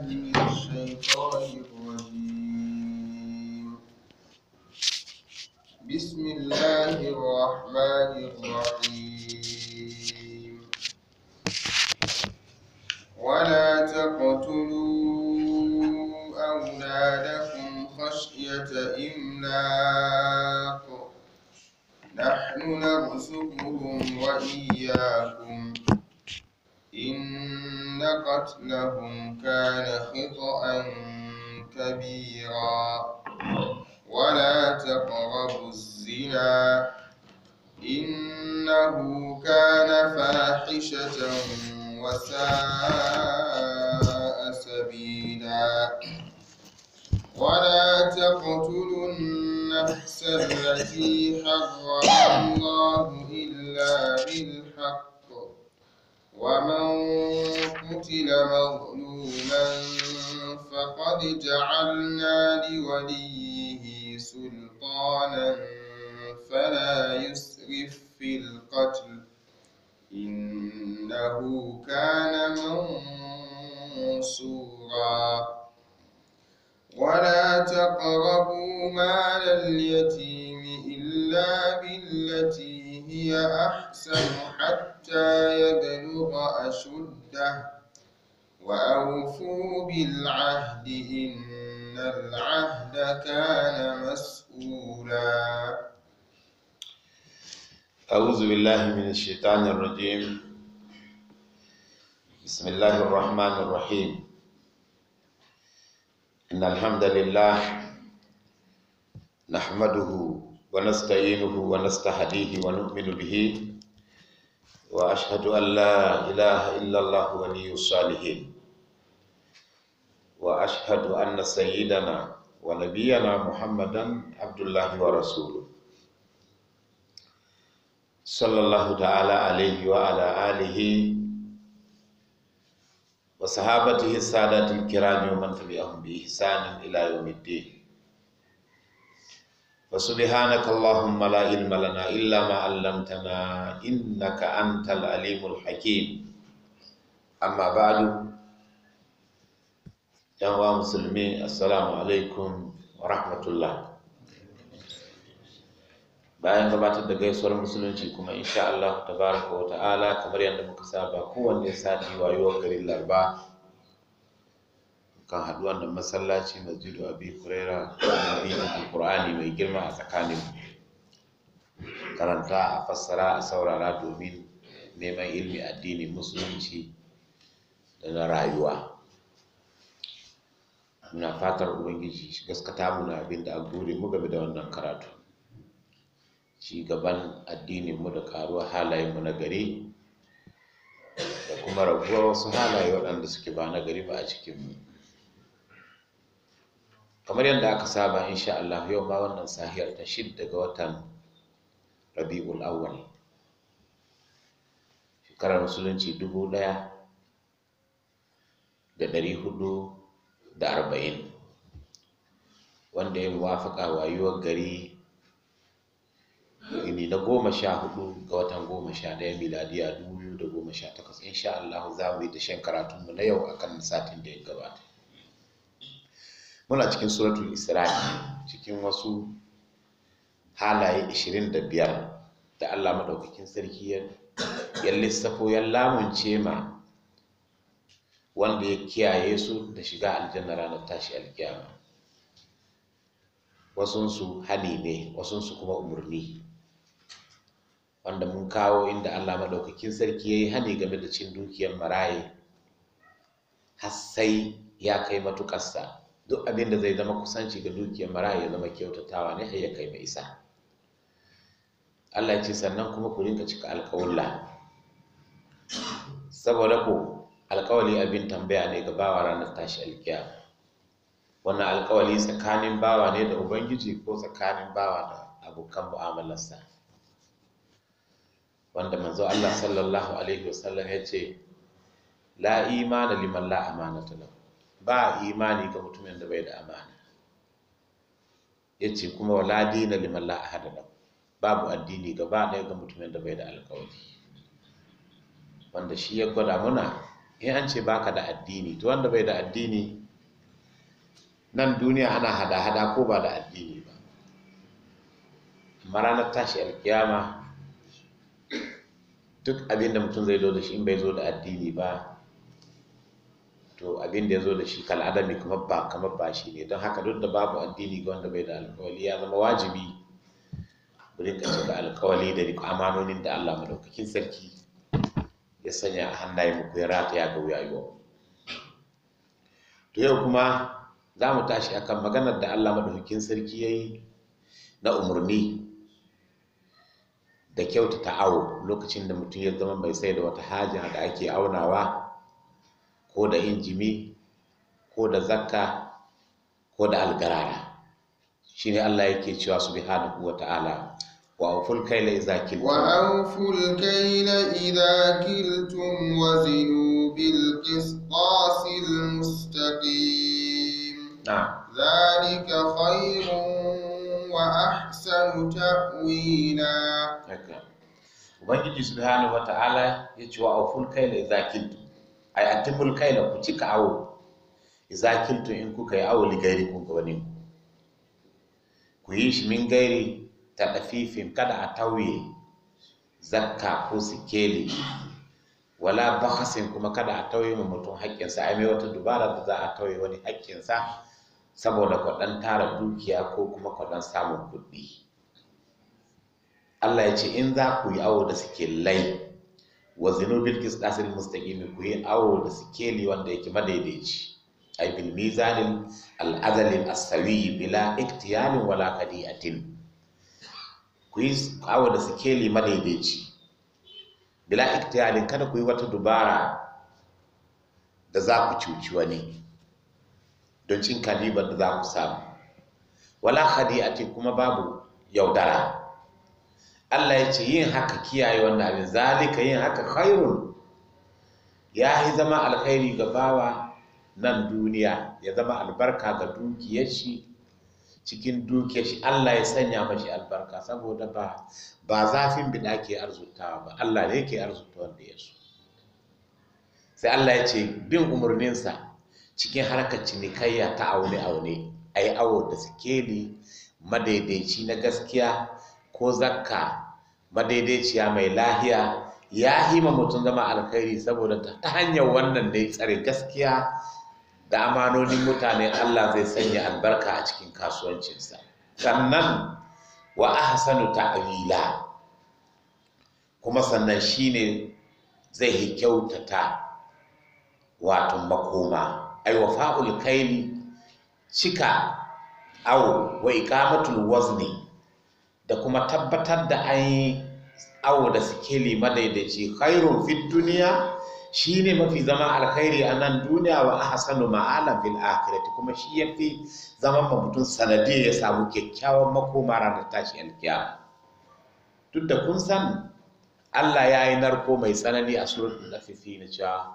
بالله من الشيطان الرجيم بسم الله الرحمن الرحيم ولا تقتلوا أولادكم خشية إملاق نحن نرزقهم وإياكم إن إن قتلهم كان خطأ كبيرا ولا تقربوا الزنا إنه كان فاحشة وساء سبيلا ولا تقتلوا النفس التي حرم الله إلا بالحق ومن قتل مظلوما فقد جعلنا لوليه سلطانا فلا يسرف في القتل إنه كان منصورا ولا تقربوا مال اليتيم إلا بالتي هي أحسن حتى يبلغ أشده وأوفوا بالعهد إن العهد كان مسؤولا أعوذ بالله من الشيطان الرجيم بسم الله الرحمن الرحيم إن الحمد لله نحمده ونستعينه ونستهديه ونؤمن به وأشهد أن لا إله إلا الله ولي الصالحين وأشهد أن سيدنا ونبينا محمدا عبد الله ورسوله صلى الله تعالى عليه وعلى آله وصحابته السادات الكرام ومن تبعهم بإحسان إلى يوم الدين فسبحانك اللهم لا علم لنا إلا ما علمتنا إنك أنت العليم الحكيم أما بعد يا مسلمين السلام عليكم ورحمة الله bayan gabatar da gaisuwar musulunci kuma insha Allah tabaraka wa ta'ala kamar yadda muka saba kowanne sati wayuwar garin larba kan haɗu wannan masallaci masjidu abi kurera da rinin alkur'ani mai girma a tsakanin karanta a fassara a saurara domin neman ilmi addini musulunci da na rayuwa muna fatar ubangiji gaskata muna abin da gode mu game da wannan karatu ci gaban addinin mu da karuwa halayen mu na gari da kuma raguwar wasu halaye waɗanda suke ba na gari ba a cikin mu kamar yadda aka saba insha Allah yau ma wannan sahiyar ta shidda ga watan Rabi'ul Awwal shekarar musulunci dubu ɗaya da ɗari hudu da arba'in wanda ya muwafaƙa wayuwar gari ini na goma sha hudu ga watan goma sha ɗaya miladiya dubu biyu da goma sha takwas insha Allah za mu yi da shan karatunmu na yau akan satin da ya gabata muna cikin suratun isra'i cikin wasu halaye 25 da Allah maɗaukakin sarki ya lissafo ya lamunce ma wanda ya kiyaye su da shiga aljanna ranar tashi alkiyama wasunsu hani ne wasunsu kuma umarni wanda mun kawo inda Allah maɗaukakin sarki ya yi hani game da cin dukiyar maraye har sai ya kai matuƙarsa duk abin da zai zama kusanci ga dukiyar maraya ya zama kyautatawa ne har ya kai mai isa Allah ce sannan kuma ku rinka cika alkawalla saboda ku alkawali abin tambaya ne ga bawa ranar tashi alkiya wannan alkawali tsakanin bawa ne da ubangiji ko tsakanin bawa da abokan mu'amalarsa wanda manzo Allah sallallahu alaihi wasallam ya ce la imana liman la amanata lahu ba imani ga mutumin da bai da amana ce kuma wala dina liman la ahada lahu babu addini gaba ɗaya ga mutumin da bai da alkawari wanda shi ya gwada muna in an ce baka da addini to wanda bai da addini nan duniya ana hada-hada ko ba da addini ba amma tashi alkiyama duk abinda mutum zai zo da shi in bai zo da addini ba to abin da ya zo da shi kal adami kamar ba kamar ba shi ne don haka duk da babu addini ga wanda bai da alkawali ya zama wajibi mu rinka cika alkawali da riko amanonin da Allah madaukakin sarki ya sanya a hannaye muku ya rataya ga wuyayo to yau kuma za mu tashi akan maganar da Allah madaukakin sarki ya yi na umarni da kyautata awo lokacin da mutum ya zama mai sai da wata haja da ake aunawa ko da injimi ko da zakka ko da algarara shi ne Allah yake cewa subhanahu wa ta'ala wa awful kayla idza kiltum wa kai na idza kiltum wa zinu bil qisasil mustaqim na'am zalika khairun wa ahsanu ta'wila ubangiji subhanahu wa ta'ala yace wa kai na idza kiltum ay kai kaila ku cika awo idza kiltu in kuka yi awo li gairi kun ga wani ku yi shi min gairi ta dafifin kada a tauye zakka ko sikeli wala bakasin kuma kada a tauye mu mutum haƙƙinsa ai mai wata dubara da za a tauye wani haƙƙinsa saboda kwaɗan tara dukiya ko kuma kwaɗan samun kuɗi Allah ya ce in za ku yi awo da suke lai wa kis qisdasil mustaqim ku yi awo da sikeli wanda yake madaidaici ay bil mizan al adl al asawi bila iktiyal wala qadi'atin ku yi awo da sikeli madaidaici bila iktiyal kada kuyi wata dubara da za ku cuci wani don cin kalibar da za ku samu wala khadi'ati kuma babu yaudara Allah ya ce yin haka kiyaye wanda abin zalika yin haka khairun ya yi zama alkhairi ga bawa nan duniya ya zama albarka ga dukiyar shi cikin dukiyar shi Allah ya sanya mashi albarka saboda ba ba zafin bida ke arzutawa ba Allah ne ke arzuta wanda ya so sai Allah ya ce bin umarninsa cikin harkar cinikayya ta aune aune a awo da sikeli madaidaici na gaskiya ko zakka madaidaiciya mai lahiya ya hima mutum zama alkhairi saboda ta hanyar wannan da ya tsare gaskiya da amanonin mutane Allah zai sanya albarka a cikin kasuwancinsa sannan wa ahsanu ta'wila kuma sannan shi ne zai yi kyautata wato makoma ai wafa'ul kaili cika aw wa iqamatul wazni da kuma tabbatar da an yi awo da sikeli madaidaici khairun fit duniya shine mafi zama alkhairi a nan duniya wa ahsanu ma'ala fil akhirati kuma shi yafi zaman mutum sanadiyar ya samu kyakkyawan makoma ranar tashi alkiyama duk da kun san Allah ya yi narko mai tsanani a suratul lafifi na cewa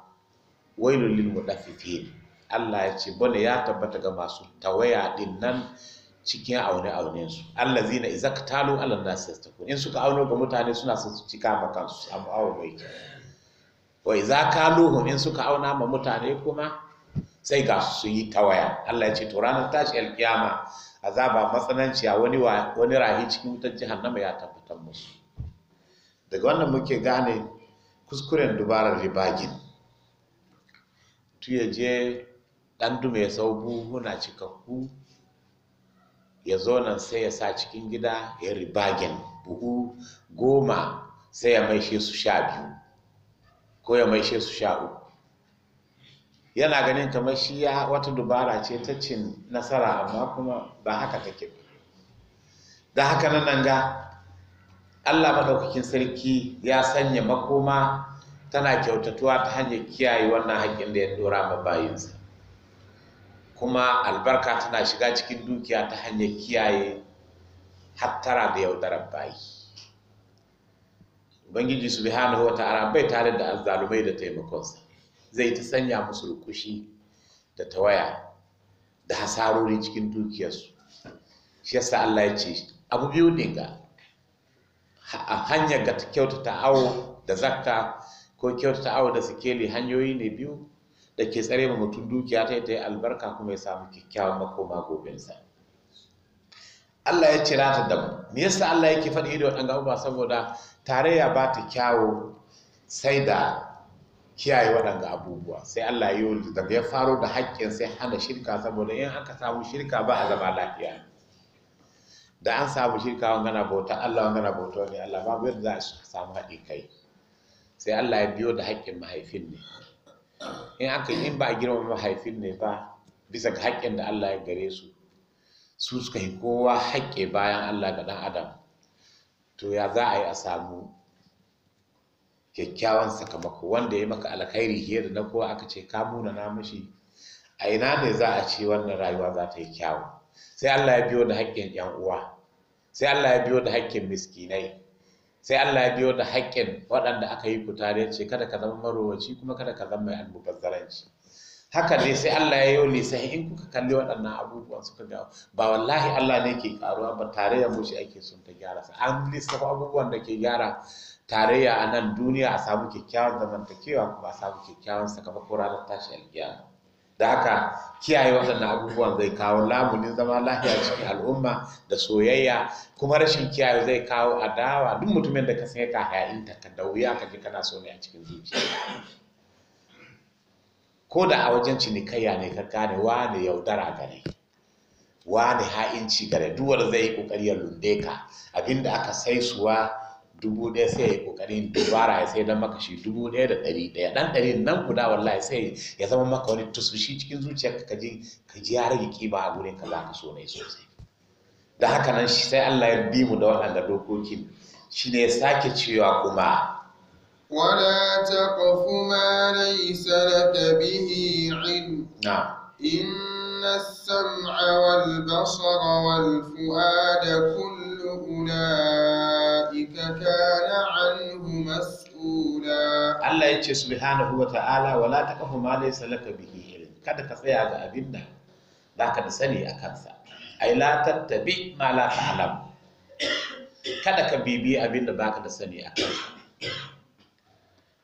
wailul lil mudaffifin Allah ya ce bane ya tabbata ga masu tawaya din nan cikin aune-aunen su Allah zina iza ka talo Allah na sastakun in suka auno ga mutane suna su cika ma kansu abu awo mai wa iza kaluhum in suka auna ma mutane kuma sai ga su yi tawaya Allah ya ce to ranar tashi alkiyama azaba matsananci a wani rahi cikin wutar jahannama ya tabbatar musu daga wannan muke gane kuskuren dubarar ribagin tuyaje je dan dume sau buhuna cikakku ya zo nan sai ya sa cikin gida ya ribagen buhu goma sai ya maishe su sha biyu ko ya maishe su sha uku yana ganin kamar shi ya wata dubara ce ta cin nasara amma kuma ba haka take ba da haka nan ga allah maɗaukakin sarki ya sanya makoma tana kyautatuwa ta hanyar kiyaye wannan haƙƙin da ya dora ma bayinsa kuma albarka tana shiga cikin dukiya ta hanyar kiyaye hattara da yaudarar bayi ubangiji subhanahu wa wata bai tare da azzalumai da taimakonsa zai ta sanya musu rukushi da tawaya da hasarori cikin dukiyarsu shi yasa Allah ya ce abu biyu ne ga a hanyar ga kyautata awo da zakka ko kyautata awo da sikeli hanyoyi ne biyu da ke tsare ma mutum dukiya ta ta yi albarka kuma ya samu kyakkyawan makoma gobensa Allah ya cira ta da mu me yasa Allah yake faɗi da waɗanda abubuwa saboda tarayya ba ta kyawo sai da kiyaye waɗanda abubuwa sai Allah ya yi daga ya faro da haƙƙin sai hana shirka saboda in aka samu shirka ba a zama lafiya da an samu shirka gana bauta Allah gana bauta wani Allah babu yadda za a samu haɗi kai sai Allah ya biyo da haƙƙin mahaifin ne in aka in ba a girma mahaifin ne ba bisa ga haƙƙin da Allah ya gare su su suka yi kowa haƙƙe bayan Allah ga ɗan adam to ya za a yi a samu kyakkyawan sakamako wanda ya maka alkhairi fiye da na kowa aka ce ka muna na mashi a ina ne za a ce wannan rayuwa za ta yi kyawu sai Allah ya biyo da haƙƙin ƴan uwa sai Allah ya biyo da haƙƙin miskinai sai Allah ya biyo da haƙƙin waɗanda aka yi ku tare ce kada ka zama marowaci kuma kada ka zama mai almubazzaranci haka ne sai Allah ya yi sai in kuka kalli waɗannan abubuwan suka ga ba wallahi Allah ne ke karuwa ba tarayya mu shi ake son ta gyara sa an lissa abubuwan da ke gyara tarayya a nan duniya a samu kyakkyawan zamantakewa kuma a samu kyakkyawan sakamakon ranar tashi alƙiyama da aka kiyaye waɗannan abubuwan zai kawo lamunin zama lahiya cikin al'umma da soyayya kuma rashin kiyaye zai kawo adawa duk mutumin da ka sai ka hayayinta ka da wuya ka ji kana so ne a cikin zuciya ko da a wajen cinikayya ne ka gane wa ne yaudara gare ne ha'inci gare duwar zai yi ƙoƙari ya lunde ka abinda aka sai suwa dubu ɗaya sai ya kokarin dubara ya sai don maka shi dubu ɗaya da ɗari ɗaya ɗan ɗari nan guda wallahi sai ya zama maka wani tusushi cikin zuciyarka ka ji ka ji ya rage kiba a gurin ka ka so ne sosai da haka nan sai Allah ya bi mu da waɗanda dokokin shine ya sake cewa kuma ولا تقف ما ليس لك به علم نعم إن السمع والبصر والفؤاد كل أولئك Allah ya ce subhanahu يتشي سبحانه وتعالى ولا تقف ما ليس لك به kada ka tsaya ga abin da ba ka da sani a kansa ai la tattabi ma la ta'lam kada ka bibi abin da baka da sani a kansa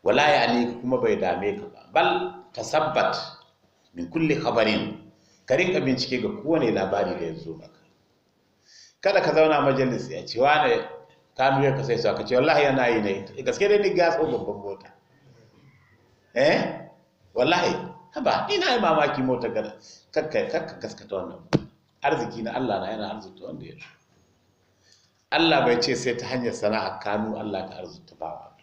wala ya ali kuma bai dame ka ba bal sabbat min kulli khabarin ka rinka bincike ga kowane labari da ya zo maka kada ka zauna majalis, ya ce wane nuna ka sai ka ce wallahi yana yi ne gaske dai ni gas ɗin babban mota eh wallahi haba ina yi mamaki mota gada kakka kakka gaskata wannan arziki na Allah na yana arzuta wanda ya Allah bai ce sai ta hanyar sana'a kanu Allah ka arzuta ba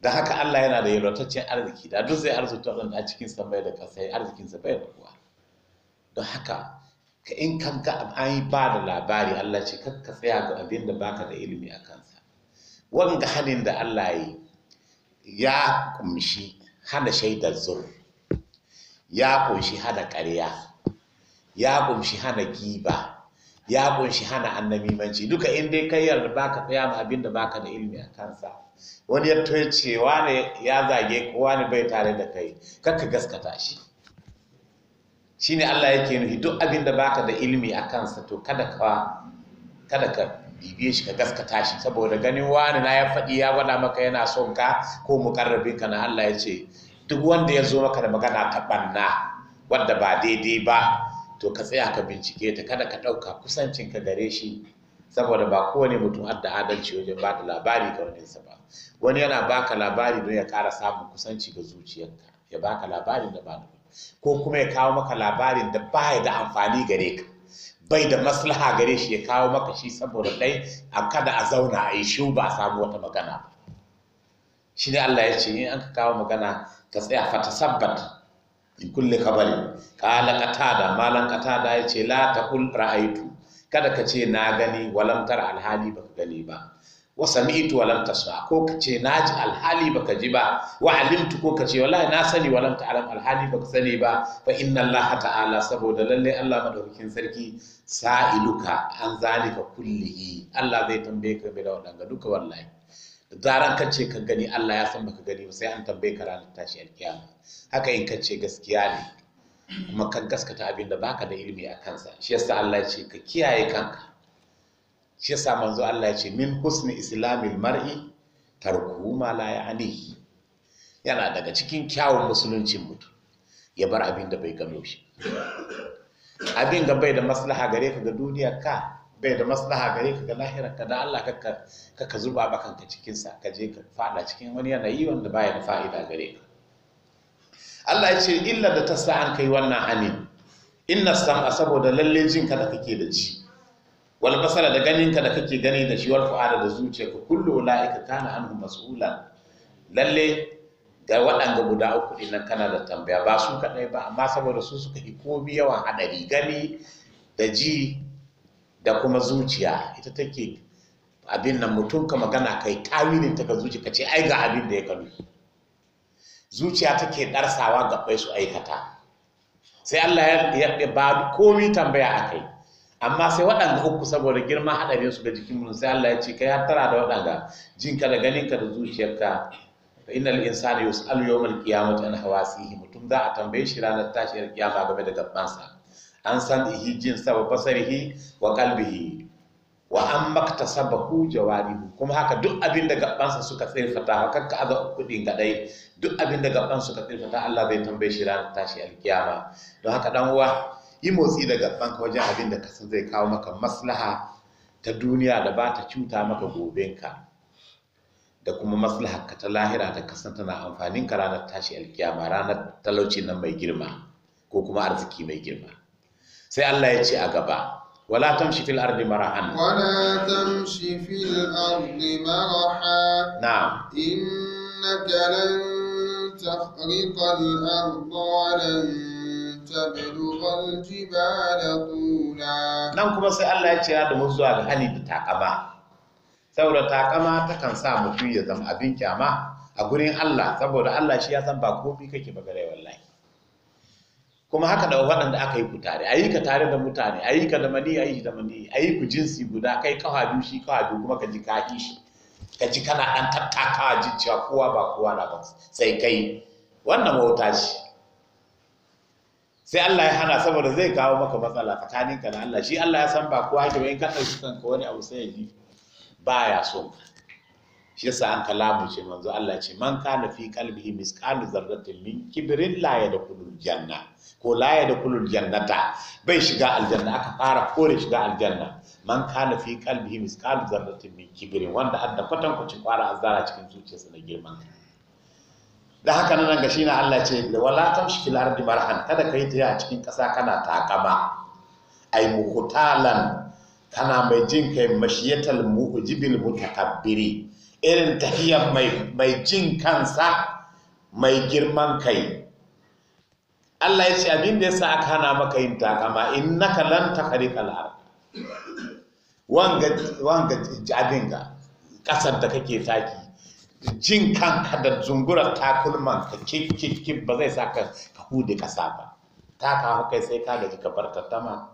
da haka Allah yana da yalwataccen arziki da duk zai arzuta waɗanda a cikin sa bai da kasa arzikin sa bai da kuwa don haka ka in kanka an yi ba da labari Allah ce kakka tsaya ga abin da baka da ilimi a kansa wanga hanin da Allah yi ya kumshi hana shaidar zur ya kunshi hana karya ya kunshi hana giba ya kunshi hana annamimanci duka in dai kai yarda baka tsaya ma abin da baka da ilimi a kansa wani ya cewa ne ya zage kowa ne bai tare da kai kakka gaskata shi shine Allah yake nufi duk abin da baka da ilimi a kansa to kada ka kada ka bibiye shi ka gaskata shi saboda ganin wani na ya faɗi ya gwada maka yana son ka ko mukarrabin ka na Allah ya ce duk wanda ya zo maka da magana ta banna wanda ba daidai ba to ka tsaya ka bincike ta kada ka ɗauka kusancin ka gare shi saboda ba kowane mutum har da adalci wajen ba da labari ga sa ba wani yana baka labari don ya ƙara samun kusanci ga zuciyarka ya baka labarin da ba da ko kuma ya kawo maka labarin da ba ya da amfani gare ka bai da maslaha gare shi ya kawo maka shi saboda dai a kada a zauna a yi shi ba a samu wata magana shi ne Allah ya ce in an ka kawo magana ka tsaya fata sabbat in kulle ka kabari qala da malan katada ya ce la taqul ra'aitu kada ka ce na gani walam tara alhali baka gani ba wa sami'tu wa lam tasma ko kace naji alhali baka ji ba wa alimtu ko kace wallahi na sani wa lam ta'lam alhali baka sani ba fa inna allaha ta'ala saboda lalle Allah madaukakin sarki sa'iluka an zalika kullihi Allah zai tambaye ka bi da wadanga duka wallahi da zaran ka ce ka gani Allah ya san baka gani ba sai an tambaye ka ranar tashi alkiyama haka in ka ce gaskiya ne kuma ka gaskata abin da baka da ilimi a kansa shi yasa Allah ya ce ka kiyaye kanka shi yasa manzo Allah ya ce min husni islamil mar'i tarkuhu ma la ya'nihi yana daga cikin kyawun musuluncin mutum ya bar abin da bai gano shi abin da bai da maslaha gare ka ga duniya, ka bai da maslaha gare ka ga lahira ka da Allah ka ka zuba bakan ka cikin sa ka je ka fada cikin wani yanayi wanda baya da fa'ida gare ka Allah ya ce illa da ta an kai wannan hanin inna sam'a saboda lalle jin ka da kake da ji wal basara da ka da kake gani da shi wal fu'ada da zuciya, ka kullu ulaika kana anhu mas'ula lalle ga waɗanda guda uku din nan kana da tambaya ba su kadai ba amma saboda su suka yi komi yawan hadari gani da ji da kuma zuciya ita take abin nan mutum ka magana kai tawilin ta ka zuciya, ka ce ai ga abin da ya kalu zuciya take darsawa bai su aikata sai Allah ya ba komai tambaya akai amma sai waɗanda uku saboda girman haɗarin su ga jikin mu sai Allah ya ce kai har tara da waɗanda jinka da ganinka da zuciyarka fa innal insani yus'alu yawmal qiyamati an hawasihi mutum za a tambaye shi ranar tashiyar kiyama game da gabansa an san ihi jin sa wa basarihi wa qalbihi wa an maktasabahu jawarihu kuma haka duk abin da gabansa suka tsirfata haka ka aza kudin gadai duk abin da gabansa suka tsirfata Allah zai tambaye shi ranar tashiyar kiyama don haka dan uwa yi motsi da gabanka wajen abin da ka san zai kawo maka maslaha ta duniya da ba ta cuta maka gobenka da kuma maslaha ka ta lahira da kasan tana amfanin ka ranar tashi alkiyama ranar talauci nan mai girma ko kuma arziki mai girma sai Allah ya ce a gaba wala shi fil ardi marahan wala shi fil ardi marahan na'am innaka lan takhriqa al nan kuma sai Allah ya ce ya domin zuwa ga hali da takama saboda takama takan sa mutum ya zama abin kyama a gurin Allah saboda Allah shi ya san ba komai kake ba gare wallahi kuma haka da waɗanda aka yi ku tare a ka tare da mutane ayi ka da mani a yi da mani ayi ku jinsi guda kai kawa biyu shi kawa biyu kuma ka ji ka shi ka ji kana ɗan tattakawa jin cewa kowa ba kowa na ba sai kai wannan wauta ce sai Allah ya hana saboda zai kawo maka matsala tsakanin ka da Allah shi Allah ya san ba kowa ke ba in ka kanka wani abu sai ya ji ba ya so shi yasa an kalamu ce manzo Allah ce man kana fi kalbihi misqalu zarratin min kibrin la yadkhulul janna ko la yadkhulul jannata bai shiga aljanna aka fara kore shiga aljanna man kana fi kalbihi misqalu zarratin min kibrin wanda adda kwatan kwaci kwara azara cikin zuciyarsa na girman da haka nan ga shi na Allah ce wala tamshi fil ardi marhan kada kai ta a cikin kasa kana takama ai muhtalan kana mai jin kai mashiyatal mujibil mutakabbiri irin tafiya mai mai jin kansa mai girman kai Allah ya ce abin da yasa aka hana maka yin takama innaka lan takhriqal ard wanga wanga jabinga ga kasar da kake taki jin kanka da zungura takulman ka kif ba zai sa ka hude kasa ba ta kawo kai sai ka gaji ka bar tattama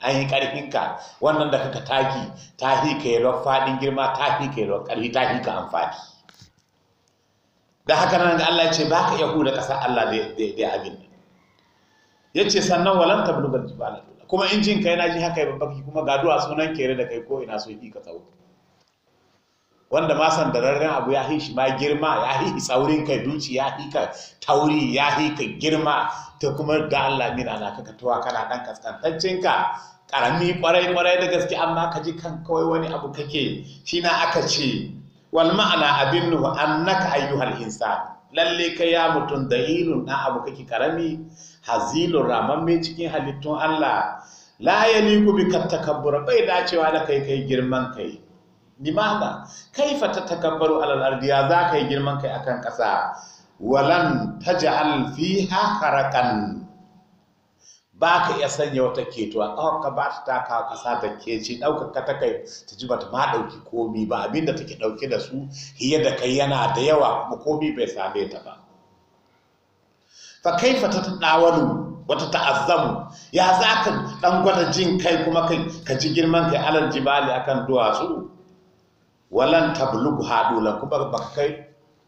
an yi ka wannan da kaka taki ta hi ka yalwar faɗin girma ta hi ka yalwar karfi ta hi ka amfani da haka nan ga Allah ya ce ba ka iya huda ƙasa Allah da abin ya ce sannan walan ta bulugar jibala kuma in jin kai na ji haka ya babbaki kuma ga duwa sunan kere da kai ko ina so yi ka tsawo wanda ma sandararren abu ya hi shi ma girma ya hi tsaurin kai duci ya hi ka tauri ya hi ka girma ta kuma da Allah min ana ka tuwa kana dan kaskantaccen ka karami kwarai kwarai da gaske amma ka ji kan kawai wani abu kake Shina aka ce wal ma'ana abin nuhu annaka ayyuhal insan lalle kai ya mutum da ilun na abu kake karami hazilun ramamme cikin halittun Allah la yaliku bi takabbura bai dacewa da kai kai girman kai limaza kaifa tatakabbaru alal ardi ya za yi girman kai akan ƙasa walan taj'al fiha harakan ba ka iya sanya wata keto a ka ba ta taka ƙasa ta keci ɗaukar ka ta kai ta ji bata ma ɗauki komi ba abinda take ɗauke da su hiye da kai yana da yawa kuma komi bai same ta ba fa kaifa tatadawalu wata ta'azzamu ya za ka dan gwada jin kai kuma ka ji girman kai alal jibali akan duwatsu walan tablugha hadula kuma ba kai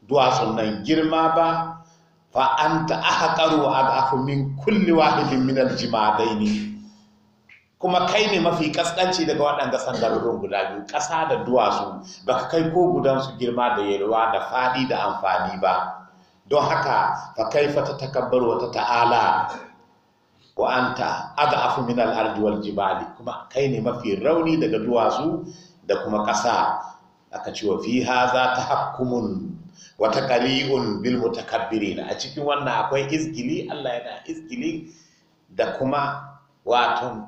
duwatsun nan girma ba fa anta ahqaru wa adhafu min kulli wahidin min aljimadaini kuma kai ne mafi kaskanci daga waɗanda sandarurrun guda biyu ƙasa da duwatsu baka kai ko gudansu girma da yalwa da faɗi da amfani ba don haka fa kai kaifa tatakabbaru wa ta'ala wa anta adhafu min al-ardi jibali kuma kai ne mafi rauni daga duwatsu da kuma ƙasa aka ce wa fi haza tahakkumun wa taqali'un bil mutakabbirin a cikin wannan akwai izgili Allah yana izgili da kuma wato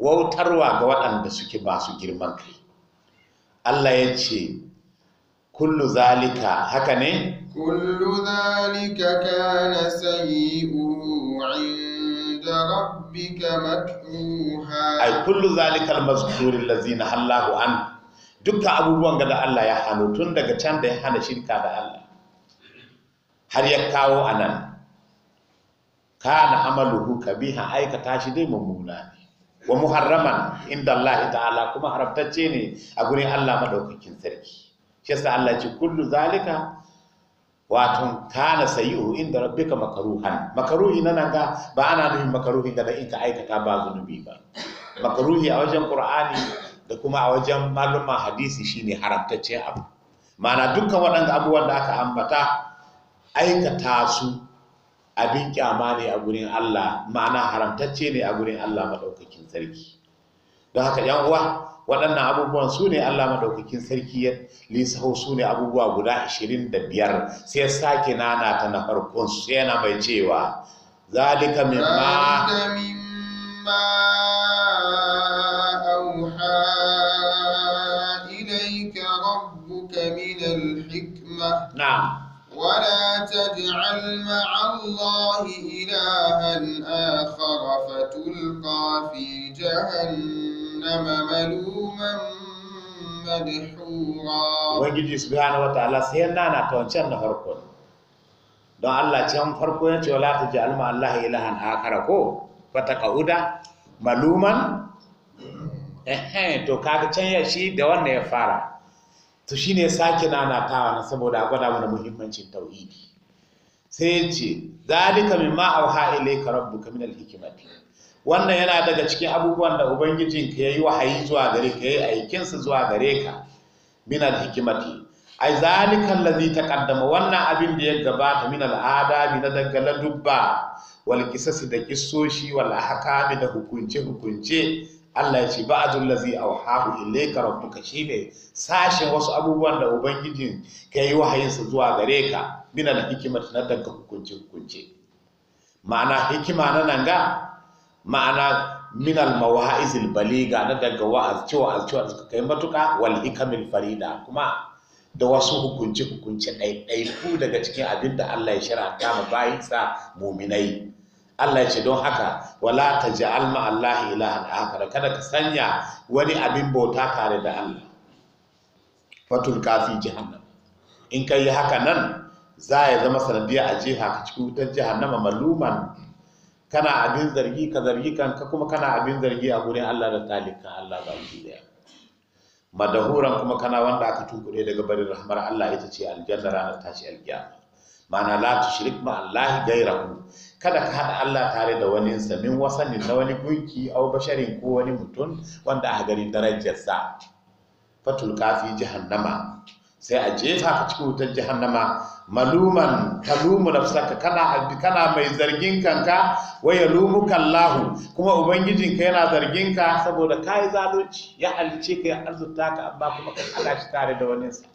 wautarwa ga waɗanda suke masu girman kai Allah ya ce kullu zalika haka ne kullu zalika kana sayyi'u 'inda rabbika matuha. kullu zalika al-mazkuru lazina, nahallahu dukkan abubuwan ga da Allah ya hano tun daga can da ya hana shirka da Allah har ya kawo a nan kana amaluhu kabiha aikata shi dai mummuna ne wa muharraman inda Allah ta'ala kuma haramtacce ne a gurin Allah madaukakin sarki shi yasa Allah ce kullu zalika wato kana sayi'u inda rabbika makaruhan makaruhi nan ga ba ana nufin makaruhi da in ka aikata ba zunubi ba makaruhi a wajen qur'ani da kuma a wajen maluma hadisi shine haramtaccen abu mana dukkan waɗanda abubuwan da aka ambata aikata su abin kyama ne a gurin Allah ma'ana haramtacce ne a gurin Allah maɗaukakin sarki don haka yan uwa waɗannan abubuwan su ne Allah maɗaukakin sarki ya lisaho su ne abubuwa guda 25 sai sake nana ta na farkon su yana mai cewa zalika mimma تجعل مع الله إلها آخر فتلقى في جهنم ملوما مدحورا ونجد سبحانه وتعالى سينا نتوان شأن don دو الله شأن فرقون ce wala ta ja'al ma Allah ilahan akara ملوما fataqauda eh to kaga can ya shi da wannan ya fara to shine sake nanatawa na saboda gwada mana muhimmancin tauhidi sai ce zalika mimma auha ilayka rabbuka min alhikmati wannan yana daga cikin abubuwan da ubangijin ubangijinka yayi wahayi zuwa gare ka yayi aikinsa zuwa gare ka min alhikmati ai zalika allazi taqaddama wannan abin da ya gabata min al'ada min na dangala dubba wal kisasi da qissoshi wal ahkami da hukunce hukunce Allah ya ce ba'dul ladzi awhahu ilayka rabbuka shine Sashen wasu abubuwan da ubangijin ka yi wahayin sa zuwa gare ka bina al hikimar na daga hukunce hukunce ma'ana hikima na nan ga ma'ana min al bali, baliga na daga wa'az cewa az cewa suka kai matuka wal hikamil farida kuma da wasu hukunce hukunce ku daga cikin abin da Allah ya shirya ta mu sa muminai Allah ya ce don haka wala ta ji alma Allah ilahan akar kada ka sanya wani abin bauta tare da Allah fatul kafi jahannam in ka haka nan za ya zama sanadiyar a jiha ka cikin wutar jahannama maluman kana abin zargi ka zargi kanka kuma kana abin zargi a gurin Allah da talika Allah ga wuce daya madahuran kuma kana wanda aka tunkuɗe daga barin rahmar Allah ita ce aljanna ranar tashi alkiyama ma'ana la tushrik ma Allah gairahu kada ka haɗa Allah tare da wani sa wasanin na wani gunki au basharin ko wani mutum wanda aka darajar sa fatul kafi jahannama sai a jefa ka cikin wutar jahannama maluman talumu nafsaka kana kana mai zargin kanka waya lumu kallahu kuma ubangijinka yana zargin ka saboda ka yi zalunci ya halice ka ya arzuta ka amma kuma ka shi tare da wani sa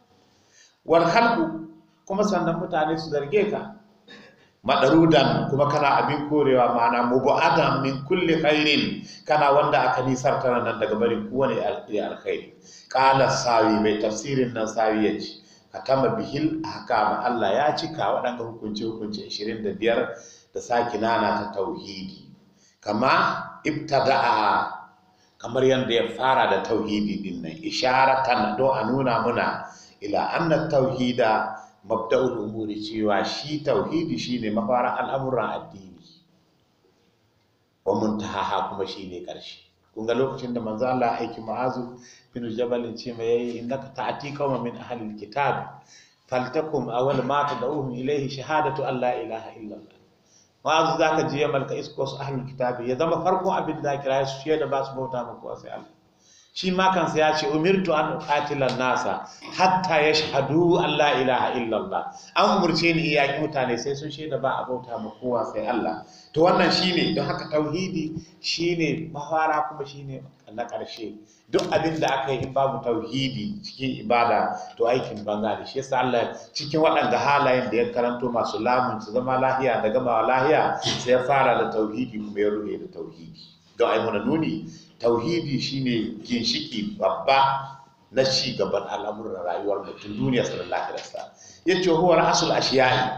wal kuma sannan mutane su zarge ka madarudan kuma kana abin korewa ma'ana adam min kulli khairin kana wanda aka nisar tana nan daga bari kowane alkhairi kala sawi mai tafsirin nan sawi ya ce katama bihil ma Allah ya cika waɗanda hukunci hukunci 25 da saki nana ta tauhidi kama ibtada'a kamar yadda ya fara da tauhidi din nan isharatan don a nuna muna ila tauhida mabda'ul umuri cewa shi tauhidi shine mafarin al'amuran addini wa muntahaha kuma shine karshe kun ga lokacin da manzo Allah aiki ma'azu bin jabal ce mai yayi innaka ta'ti qauma min ahli alkitab faltakum awal ma tad'uhum ilayhi shahadatu an la ilaha illa Allah ma'azu zaka je yamal ka iskos ahli alkitab ya zama farko abin da kira su da ba su bauta muku sai Allah shi ma kansa ya ce umirtu an qatilan nasa hatta yashhadu an la ilaha illallah an umurce ni iyaki mutane sai sun shaida ba a bauta ma kowa sai Allah to wannan shine don haka tauhidi shine mafara kuma shine na ƙarshe duk abin da aka yi in babu tauhidi cikin ibada to aikin bangare ne shi yasa Allah cikin waɗanda halayen da ya karanto masu lamun su zama lahiya da gama lahiya sai ya fara da tauhidi kuma ya rufe da tauhidi don ai muna nuni tauhidi shine ginshiki babba na ci gaban al'amuran rayuwar mutum duniya sallallahu alaihi wasallam ce huwa ra'sul ashiyai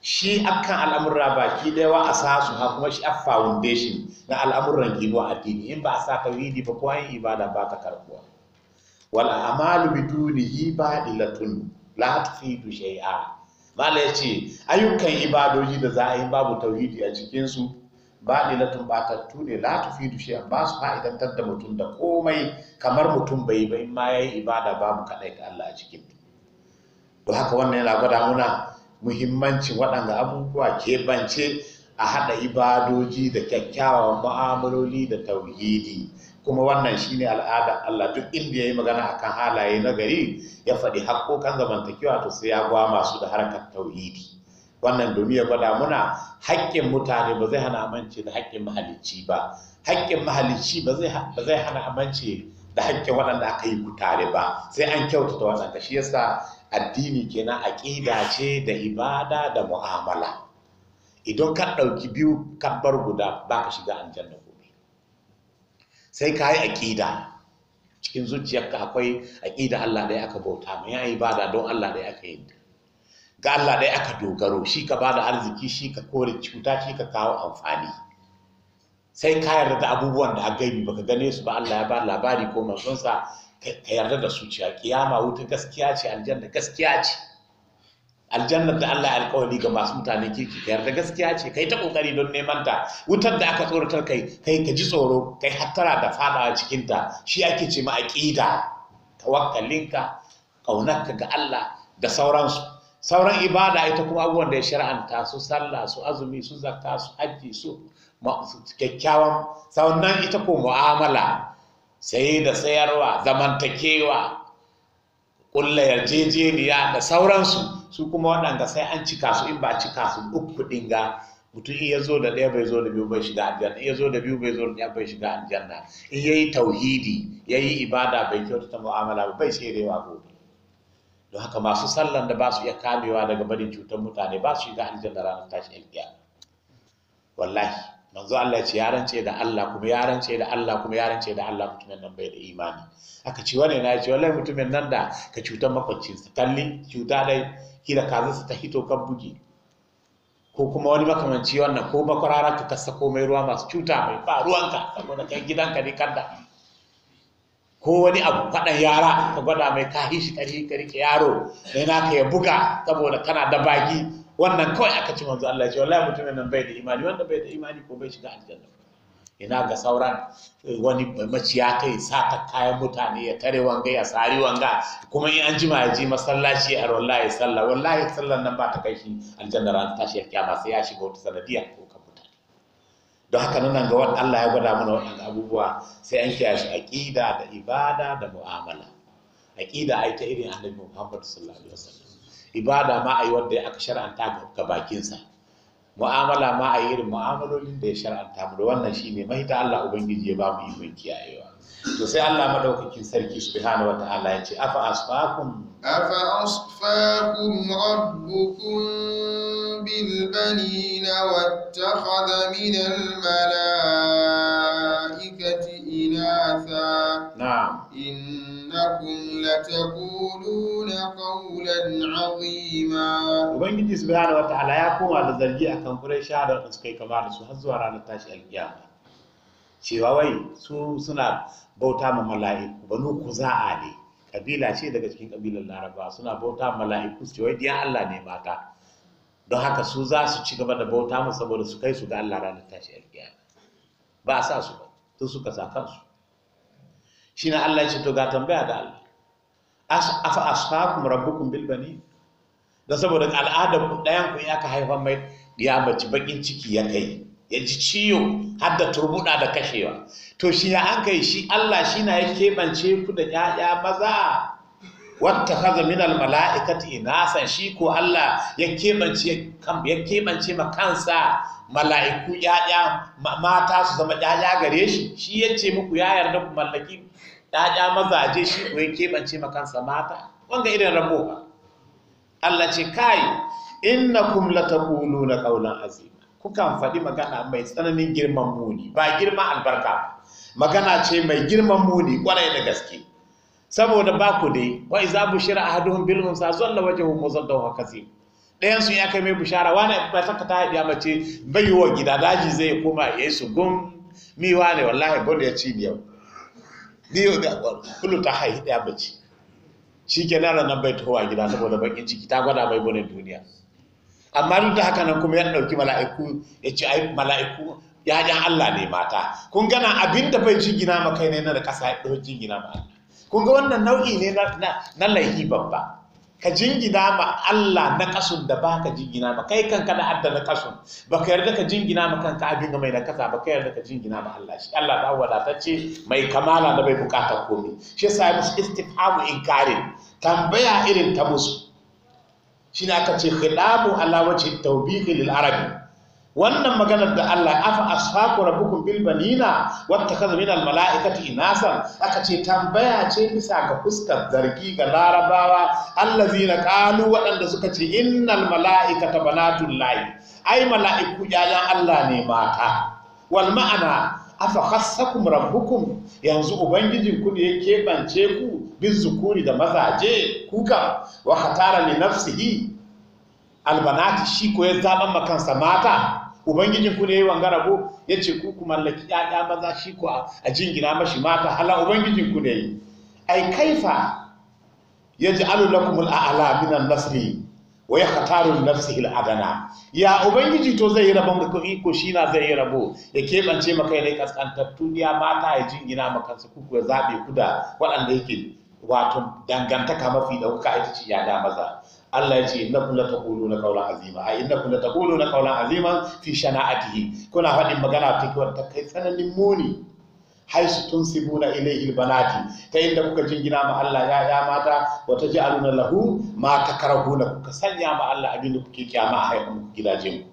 shi akan al'amuran baki ɗaya wa a sa su ha kuma shi a foundation na al'amuran gino addini in ba a sa tauhidi ba ko an ibada ba ta karbuwa wal a'malu bidunihi badilatun la tufidu shay'a mala yace ayyukan ibadoji da za a yi babu tauhidi a cikin su na batattu ne la fi dushe ba su fa'idantar da mutum da komai kamar mutum bai bai ma yayi ibada babu kadai ta Allah a cikin don haka wannan yana gwada muna muhimmancin waɗanda abubuwa ke bance a haɗa ibadoji da kyakkyawa mu'amaloli da tauhidi kuma wannan shine al'ada Allah duk inda yayi magana akan halaye na gari ya faɗi haƙƙoƙan zamantakewa to sai ya gwama su da harkar tauhidi wannan domin ya gwada muna haƙƙin mutane ba zai hana amince da haƙƙin mahalicci ba haƙƙin mahalicci ba zai hana amince da haƙƙin waɗanda aka yi mutane ba sai an kyautata waɗanda shi yasa addini kenan aƙida ce da ibada da mu'amala idan ka ɗauki biyu ka bar guda ba ka shiga aljanna gobe sai ka yi aƙida cikin zuciyarka akwai aƙida Allah ɗaya aka bauta mai ya ibada don Allah ɗaya aka yi ga Allah dai aka dogaro shi ka bada arziki shi ka kore cuta shi ka kawo amfani sai ka yarda da abubuwan da a gaibi baka gane su ba Allah ya ba labari ko manzonsa ka yarda da su cewa kiyama wuta gaskiya ce aljanna gaskiya ce aljanna da Allah ya alkawari ga masu mutane kirki ka yarda gaskiya ce kai ta kokari don neman ta wutar da aka tsoratar kai kai ka ji tsoro kai hattara da fadawa cikin ta shi ake ce ma aqida tawakkalinka kaunarka ga Allah da sauransu sauran ibada ita kuma abubuwan da ya shar'anta su sallah su azumi su zakka su hajji su kyakkyawan sannan ita ko mu'amala saye da sayarwa zamantakewa ƙulla yarjejeniya da sauransu su kuma waɗanda sai an cika su in ba cika su duk kuɗin ga mutum iya zo da ɗaya bai zo da biyu bai shiga aljanna iya zo da biyu bai zo da ɗaya bai shiga aljanna in yayi tauhidi yayi ibada bai kyautata mu'amala bai sherewa gobe don haka masu sallan da ba su iya kamewa daga barin cutar mutane ba su shiga aljanna ranar tashi alƙiya wallahi manzo Allah ya ce ya rance da Allah kuma ya rance da Allah kuma ya rance da Allah mutumin nan bai da imani aka ce wane na ce wallahi mutumin nan da ka cutar makwancinsa kalli cuta dai kila su ta hito kan buge ko kuma wani makamanci wannan ko makwararar ka sako mai ruwa masu cuta mai ba ruwanka saboda kai gidanka ne kanda ko wani abu faɗan yara ka gwada mai ka shi ƙarfi ka rike yaro da yana ka ya buga saboda kana da baki wannan kawai aka ci manzo Allah ce wallahi mutum nan bai da imani wanda bai da imani ko bai shiga aljanna ina ga sauran eh, wani maciya ya kai sata kayan mutane ya tare wanga ya sari wanga kuma in an jima ya ji masallaci a wallahi sallah wallahi sallan nan ba ta kai shi aljanna ran tashi ya kiyama sai ya shiga wata sanadiya don haka nan ga wani Allah ya gwada mana waɗanda abubuwa sai an kiyaye shi aƙida da ibada da mu'amala aƙida ai ta irin annabi Muhammad sallallahu alaihi wasallam ibada ma a yi wanda aka shar'anta ga bakinsa mu'amala ma a yi irin mu'amalolin da ya shara'anta mu da wannan shi ne mahita Allah ubangiji ya ba mu ikon kiyayewa to sai Allah madaukakin sarki subhanahu wata'ala ya ce afa asfakum afa asfakum rabbukum bil banina wattakhadha min al malaikati inatha na'am innakum latakuluna qawlan 'azima ubangiji subhanahu wata'ala ya koma da zargi akan quraisha da suka yi kama da su har zuwa ranar tashi alkiyama cewa wai su suna bauta ma mala'iku banu za'a ne kabila ce daga cikin kabilan laraba suna bauta ma mala'iku su wai diyan Allah ne mata don haka su za su ci gaba da bauta mu saboda su kai su ga Allah ranar tashi alkiyama ba sa su ba to suka sa kansu shine Allah ya ce to ga tambaya da Allah afa asfakum rabbukum bil bani da saboda al'adar ku dayan ku ya ka haifan mai ya mace bakin ciki ya kai ya ji ciwo har da turbuɗa da kashewa to shi ya an kai shi Allah shi na ya keɓance ku da ƴaƴa maza wata kaza min almala'ikati san shi ko Allah ya keɓance ma kansa mala'iku ƴaƴa mata su zama ƴaƴa gare shi shi ya ce muku ya yarda ku mallaki ƴaƴa mazaje shi ko ya keɓance ma kansa mata wanga irin rabo Allah ce kai innakum na qawlan azim kukan faɗi magana mai tsananin girman muni ba girma albarka magana ce mai girman muni kwarai da gaske saboda ba ku dai wa iza bushira ahaduhum bil unsa zalla wajhuhu muzaddahu kasib ɗayan su ya kai mai bushara wani ba saka ta haɗiya mace bai yi wa gida daji zai koma ya su gum Mi wani wallahi bol ya ci biyau biyo da kulu ta haihi mace shi ke nan bai tuwa gida saboda bakin ciki ta gwada mai bonin duniya amma duk da haka nan kuma ya ɗauki mala'iku ya ce ai mala'iku ya Allah ne mata kun gana abin da bai jingina ma kai ne na da ƙasa ya ɗauki jingina ma Allah kun ga wannan nau'i ne na laihi babba ka jingina ma Allah na ƙasun da ba ka jingina ma kai kanka da adda na ƙasun ba ka yarda ka jingina ma kanka abin da mai na kasa ba ka yarda ka jingina ma Allah shi Allah da wadatacce mai kamala da bai bukatar komai shi yasa musu istifhamu inkarin tambaya irin ta musu shine aka ce khilabu ala wace tawbihi lil arabi wannan maganar da Allah afa asfaqu rabbukum bil banina wattakhadha min al malaikati inasan aka ce tambaya ce bisa ga fuskar zargi ga larabawa allazina qalu waɗanda suka ce innal malaikata banatul lahi ai mala'iku yayan Allah ne mata wal ma'ana afa khassakum rabbukum yanzu ubangijin ku ne ya keɓance ku bin zukuri da mazaje kuka wa khatara li nafsihi albanati shi ko ya zaɓan makansa mata ubangijin ku ne ya wangara rabo ya ce ku ku mallaki ƴaƴa maza shi ko a jingina mashi mata hala ubangijin ku ne ai kaifa yaj'alu lakum al'ala min an-nasri wa ya hatarun nafsihil adana ya ubangiji to zai yi rabon da iko shi na zai yi rabo ya keɓance maka ne kaskantar ya mata ya jingina maka su kuku ya zaɓe ku da waɗanda yake wato dangantaka mafi ɗaukaka ita ce ya da maza Allah ya ce taqulu na qawlan azima ai taqulu na qawlan azima fi shana'atihi kuna faɗin magana ta kai tsananin muni haisu tunsibuna ilayhi albanati ta inda kuka jingina ma Allah ya ya mata wa aluna lahu ma ta na kuka sanya ma Allah abinda kuke kyama a haikun gidajen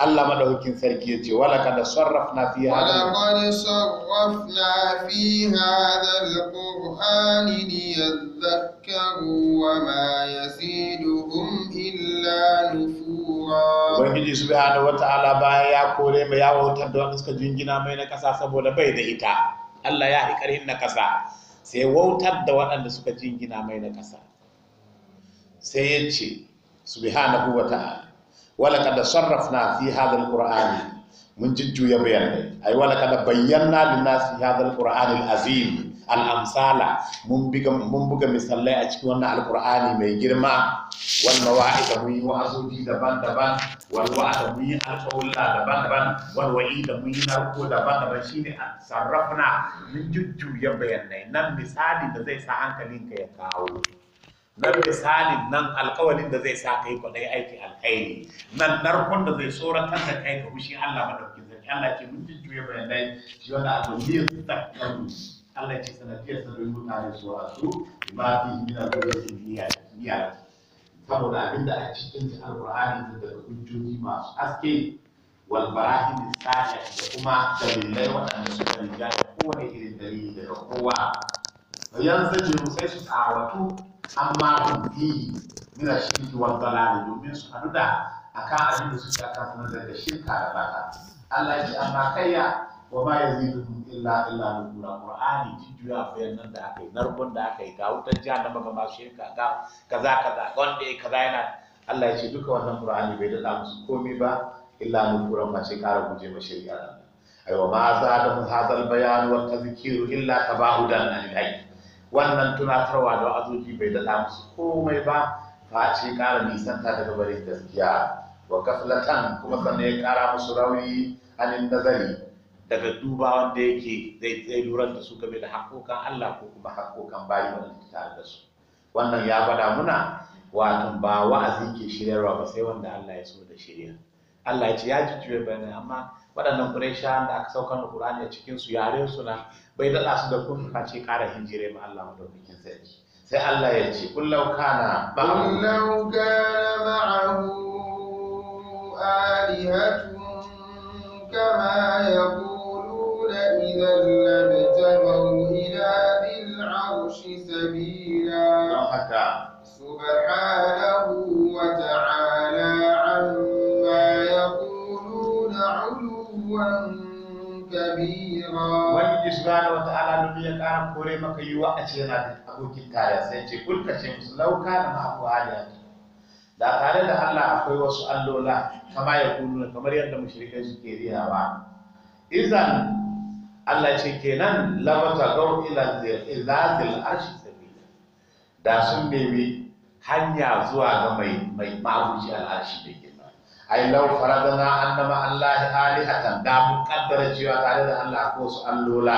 Allah maɗaukin sarki ce, wala kad sarrafna fi hada wala sarrafna fi hada alqur'ani liyadhakkaru wa ma yaziduhum illa nufura ubangiji subhanahu wataala bayan ya kore mai ya wautar da wanda suka jingina mai na kasa saboda bai da ita Allah ya ƙarhin na ƙasa sai wautar da waɗanda suka jingina mai na ƙasa sai ya ce subhanahu wa ta'ala wala kada sarrafna fi hadha alqur'ani mun jujjuya bayanai ay wala kada bayyana na nasi hadha azim al'amsala mun buga misalai a cikin wannan alkur'ani mai girma wannan wa'ida mun yi wa'azoji daban-daban wani wa'ada mun yi alƙawulla daban-daban wani wa'ida mun yi narko daban-daban shine a sarrafna mun jujjuya bayanai nan misali da zai sa hankalinka ya kawo nan misalin nan alkawalin da zai sa kai kwaɗai aiki alkhairi nan narkon da zai tsoratar da kai ka fushi Allah madaukakin sarki Allah ce mun jujjuya bayanai shi wanda a domin su Allah ya ce sanadiyar sabbin mutane su rasu ma fi mina gwamnatin niyya saboda abin da a cikin ta alƙur'ani da daga hujjoji masu haske wal da da kuma dalilai waɗanda suka riga da kowane irin dalili daga kowa bayan sajin sai su tsawatu amma nuna shi ki wal dalali domin su hannu da akan abin da suke kan sanar da shirka da bata Allah ya ji amma kayya wa ma yaziduhum illa illa nufura qur'ani jujjuya bayanan da aka yi narkon da aka yi ga wutar jahannama ga masu shirka ga kaza kaza wanda ya kaza yana Allah ya ce duka wannan qur'ani bai dada musu komai ba illa nufura ma sai kara guje ma shirka aiwa ma zadahum hadal bayan wa tadhkiru illa tabahudan lil hayy wannan tunatarwa da azuji bai dada musu komai ba face ƙara nisanta daga barin gaskiya wa kaflatan kuma sannan ya ƙara musu rauni anin nazari daga duba wanda yake zai lura da su game da haƙoƙan Allah ko kuma haƙoƙan bayi wanda tare da su wannan ya gwada muna wato ba wa'azi ke shiryarwa ba sai wanda Allah ya so da shirya Allah ya ce ya jujjuya bayanai amma waɗannan Qurayshawan da aka saukar da Qur'ani a cikin su yare su na bai daɗa su da kun face ƙara hinjire ma Allah madaukakin sarki sai Allah ya ce kullau kana ba'u kullau ma'ahu alihatun kama yaqulu إذا لابتغوا إلى ذي العرش سبيلا سبحانه وتعالى عما يقولون علوا kabira wani subhanahu wa ta'ala nufi ya kara kore maka a ce yana da abokin kaya sai ce kulka ce musu lauka da ma'abu aliya da tare da Allah akwai wasu allola kama ya kulu kamar yadda mushrikai suke riyawa izan Allah ce kenan labata gau ila zil arshi sabila da sun nemi hanya zuwa ga mai mai mabuci al'arshi da girma ai law faradana annama allahi alihatan da mun kaddara cewa tare da Allah ko su allola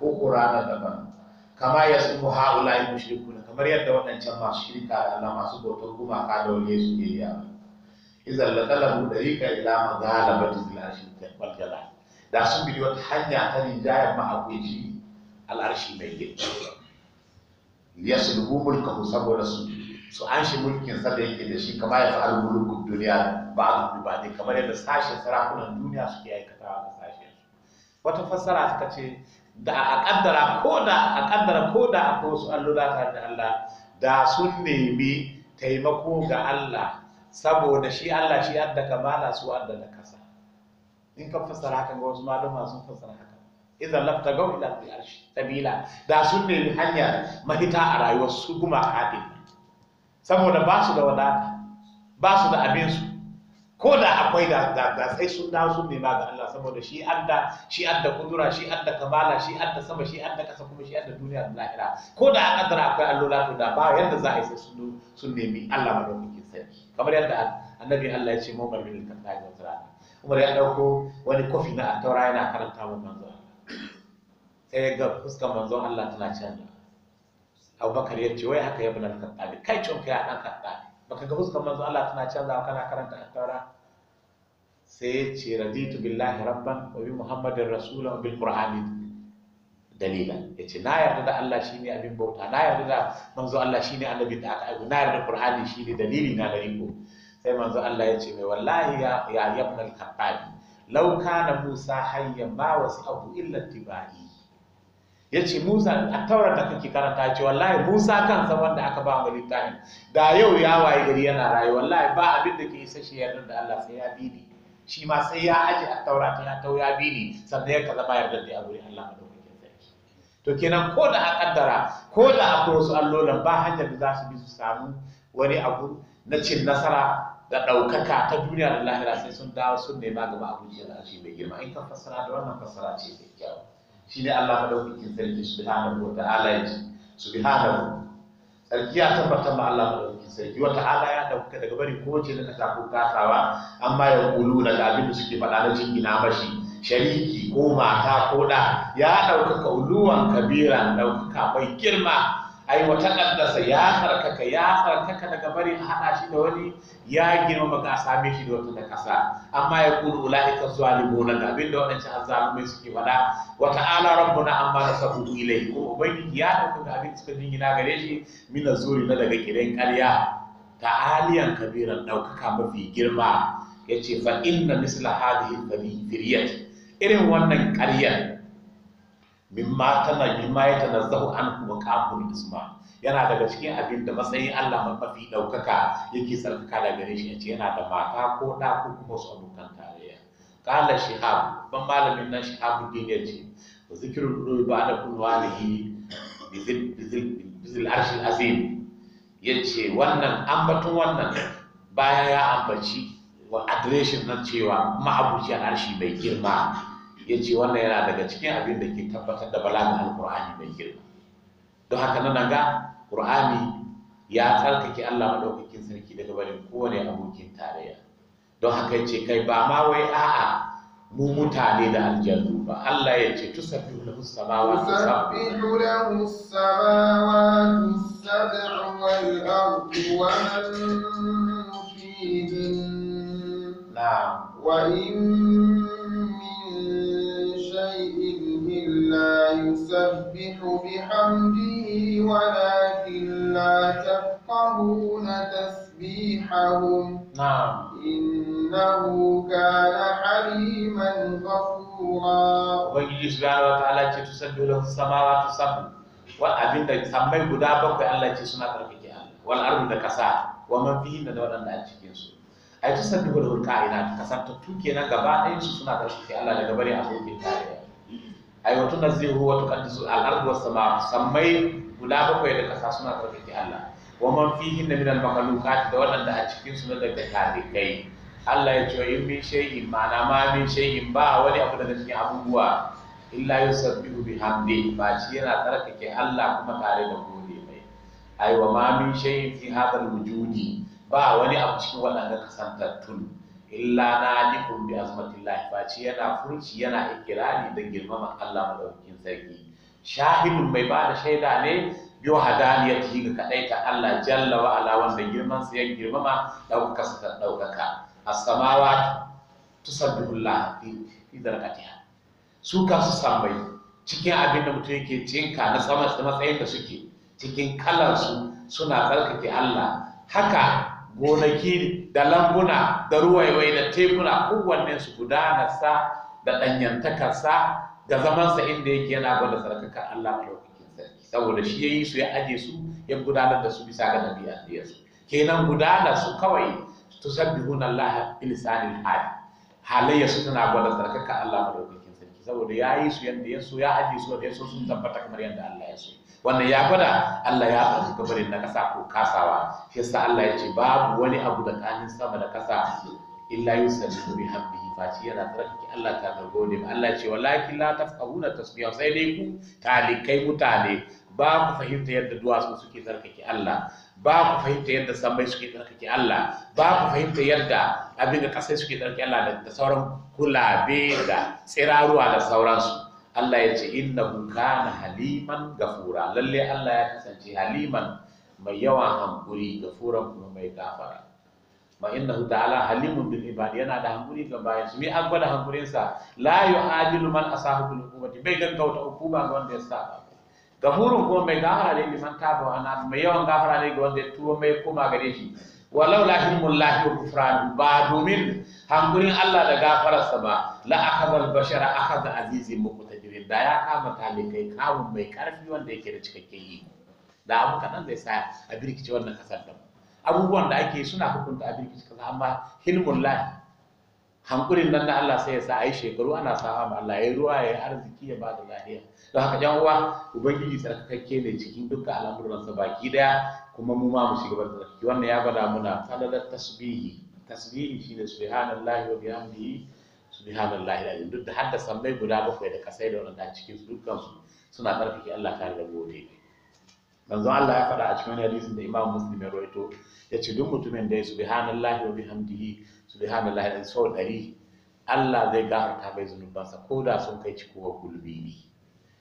ko qur'ana daban kama yasmu haula'i mushrikuna kamar yadda waɗancan masu shirka da Allah masu bautar gumaka da wale suke yi izalla talabu dariqa ila maghalabati zil arshi wal da sun bi wata hanya ta rinjayar ma'agwaji al'arshi mai girki ya sulhu ku saboda su su an shi mulkin sa da yake da shi kama ya fa'al mulkun duniya ba a dubi ba ne kamar yadda sashen sarakunan duniya suke aikatawa da sashen wata fassara suka ce da a kaddara ko da a kaddara ko da a wasu lura tare da Allah da sun nemi taimako ga Allah saboda shi Allah shi adda kamala su adda da in ka fassara haka ga wasu malama sun fassara haka idan lafta gau ila arshi tabila da sun nemi hanya mahita a rayuwar su kuma hadin saboda ba su da wadata ba su da abin su ko da akwai da da sai sun dawo sun nema ga Allah saboda shi adda shi adda kudura shi adda kamala shi adda sama shi adda kasa kuma shi adda duniya da lahira ko da an kadara akwai allola to da ba yadda za a yi sai sun nemi Allah madaukakin sarki kamar yadda annabi Allah ya ce mu bar bil kadai wa umar ya ɗauko wani kofi na attaura yana karanta wa manzo Allah sai ga fuskar manzo Allah tana canza abubakar ya ce wai haka ya bin al kai ce kai dan kattabi baka ga fuskar manzo Allah tana canza kana karanta attaura sai ya ce raditu billahi rabban wa bi muhammadin rasulan bil qur'ani dalila ya ce na yarda da Allah shine abin bauta na yarda da manzo Allah shine annabi da aka aiko na yarda qur'ani shine dalili na da ko. sai manzo Allah ya ce mai wallahi ya ya ibn al-khattab law kana Musa hayya ma wasi abu illa tibai yace Musa a taurar da kake karanta ce wallahi Musa kan kansa wanda aka ba mu littafin da yau ya waye gari yana rayu wallahi ba abin da ke isa shi yarda da Allah sai ya bi shi ma sai ya aje a taura ta ya tau ya bi ni sannan ya kaza ba yarda da abu Allah madaukakin sarki to kenan ko da a kaddara ko da akwai wasu allolan ba hanyar da za su bi su samu wani abu na cin nasara da ɗaukaka ta duniya da lahira sai sun dawo sun nema gaba abu ya lashi mai girma in ka fassara da wannan fassara ce mai kyau ne Allah madaukakin sarki subhanahu wa ta'ala ya subhanahu sarki ya tabbatar ma Allah madaukakin sarki wa ta'ala ya dauka daga bari ko ce na ta ko kasawa amma ya kulu da abin da suke faɗa na jingina mashi shariki ko mata ko da ya ɗaukaka uluwan kabira ɗaukaka mai girma ai wata kaddasa ya sarkaka, ya sarkaka daga bari a hada shi da wani ya girma ga same shi da wata kasa amma ya kulu ulaika zalimuna da abinda wadancan azzalumai suke fada wa ta'ala rabbuna amma sabu ilai ko ubangiji ya dauka ga abin suka jingina gare shi min azuri na daga gidan ƙarya aliyan kabiran daukaka mafi girma yace fa inna misla hadhihi biyar. irin wannan ƙaryar mimma tana mimma ya tanazzahu an maqamul isma yana daga cikin abin da matsayin Allah mafi daukaka yake sarkaka da gare shi yace yana da mata ko da ko kuma su abokan tarayya qala shihab ban malamin nan shihab din yace zikrul ruhi ba'da kunwanihi bizil bizil bizil arshi azim yace wannan ambaton wannan baya ya ambaci wa adireshin nan cewa ma'abuciyar arshi mai girma ya ce wannan yana daga cikin abin da ke tabbatar da balaga alkur'ani mai girma don haka na ga ƙur'ani ya tsarkake allah maɗaukakin sarki daga barin kowane abokin tarayya don haka ya ce kai ba ma wai a'a mu mutane da aljanu ba Allah ya ce tusabbihu lahu samawati sabbihu lahu wa man wa in يسبح بحمده ولكن لا تفقهون تسبيحهم نعم إنه كان حليما غفورا وبنجي سبحانه وتعالى تسبح له السماوات وأبين guda bakwai Allah ce suna karfike Allah wal ardu da kasa wa man da wadanda a cikin su ai tusabbihu lahu al-kainat ta tuke gaba ai naziru tunazzihu wa tuqaddisu al-ardu was sama sammai guda bakwai da kasa suna tsarkake Allah wa man fihi min al-makhluqat da waɗanda a cikin su na daga kai. Allah ya ce in min shay'in ma'ana ma min shay'in ba wani abu daga cikin abubuwa illa yusabbihu bihamdi ba shi yana tsarkake Allah kuma tare da gode mai ai wa ma min shay'in fi hadal wujudi ba wani abu cikin waɗanda kasantattun illa na nadikun bi azmatillahi faci yana furci yana ikirari da girmaman Allah madaukakin sarki shahidun mai ba da shaida ne bi yi ga ta Allah jalla wa ala wanda girman sa ya girmama daukaka sa daukaka as-samawat tusabbihullah fi idrakatiha su ka su samai cikin abin da mutum yake cinka na sama da matsayin da suke cikin kalar suna tsarkake Allah haka gonaki da lambuna da ruwaiwai da tekuna kowanne su gudanarsa da ɗanyantakarsa da zamansa inda yake yana gwada sarkakar Allah maɗaukakin sarki saboda shi ya yi su ya aje su ya gudanar da su bisa ga ɗabi'a su kenan gudanar su kawai tusabbihuna Allah bilisanil hali halayya su tana gwada sarkakar Allah maɗaukakin sarki saboda ya yi su yadda ya so ya aje su da ya so sun tabbata kamar yadda Allah ya so wannan ya fada Allah ya ɗauki kabarin na ƙasa ko kasawa shi yasa Allah ya ce babu wani abu da kanin sama da ƙasa illa yusallu bi hamdihi faci yana tsarkake Allah ta da gode ba Allah ya ce walakin la tafqahuna tasbiha sai dai ku talikai mutane ba ku fahimta yadda duwatsu suke tsarkake Allah ba ku fahimta yadda sammai suke tsarkake Allah ba ku fahimta yadda abin da kasai suke tsarkake Allah da sauran kulabe da tsiraruwa da sauransu Allah ya ce innahu kana haliman gafura lalle Allah ya kasance haliman mai yawan hankuri gafuran kuma mai gafara ma innahu ta'ala halimun bil ibad yana da hankuri ga bayan su mai an gwada hankurin sa la yu'adilu man asahu bil hukumati bai wata hukuma ga wanda ya saba gafurun kuma mai gafara ne liman taba wa ana mai yawan gafara ne ga wanda ya tuba mai koma gare shi walau la hilmul lahi wa kufran ba domin hankurin Allah da gafararsa ba la akhadha al bashara akhadha azizin mu. da ya kama talibai kamun mai karfi wanda yake da cikakken yi da abu kaɗan zai sa a birkice wannan kasar da abubuwan da ake suna hukunta a birkice kasa amma hilmun lahi hankulin nan da Allah sai ya sa a yi shekaru ana sa'a ma Allah ya yi ruwa ya yi arziki ya ba da lahiya don haka yan uwa ubangiji tsarkakakke ne cikin dukkan al'amuransa baki daya kuma mu ma mu shiga bar tsarki wannan ya gwada muna falalar tasbihi tasbihi shine subhanallahi wa bihamdihi subhanallahi alazim duk da haddasa mai guda bakwai da kasai da wannan cikin su dukkan su suna tsarkake Allah tare da gode manzon Allah ya faɗa a cikin hadisin da Imam Muslim ya rawaito ya ce duk mutumin da ya subhanallahi wa bihamdihi subhanallahi alazim sau ɗari Allah zai gafarta mai zunubansa ko da sun kai cikowa gulbi ne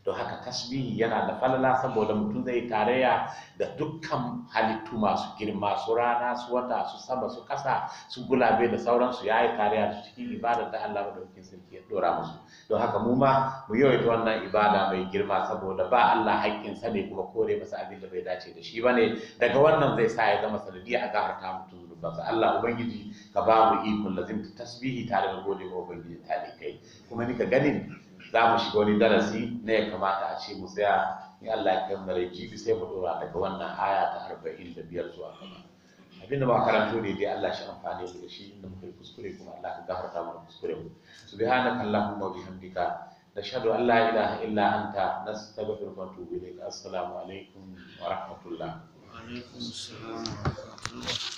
don haka tasbihi yana da falala saboda mutum zai tarayya da dukkan halittu masu girma su rana su wata su sama su kasa su gulabe da sauransu ya yi tarayya su cikin ibadar da Allah madaukakin sarki ya dora musu don haka mu ma mu yawaita wannan ibada mai girma saboda ba Allah sa ne kuma kore masa abin da bai dace da shi ne. daga wannan zai sa ya zama sanadi a gafarta mutum sa Allah ubangiji ka ba mu ikon lazimta tasbihi tare da gode wa ubangiji talikai kuma ni ka ganin za mu shiga wani darasi na ya kamata a ce mu tsaya Ni Allah ya kai mara yi jibi sai mu dora daga wannan aya ta arba'in da biyar zuwa gaba abinda ba karanto ne dai Allah shi amfani da shi inda muka yi kuskure kuma Allah ka gafarta mana kuskure mu subhanaka allahumma wa bihamdika nashhadu an la ilaha illa anta nastaghfiruka wa natubu ilayk assalamu alaikum wa rahmatullah wa alaikum wa rahmatullah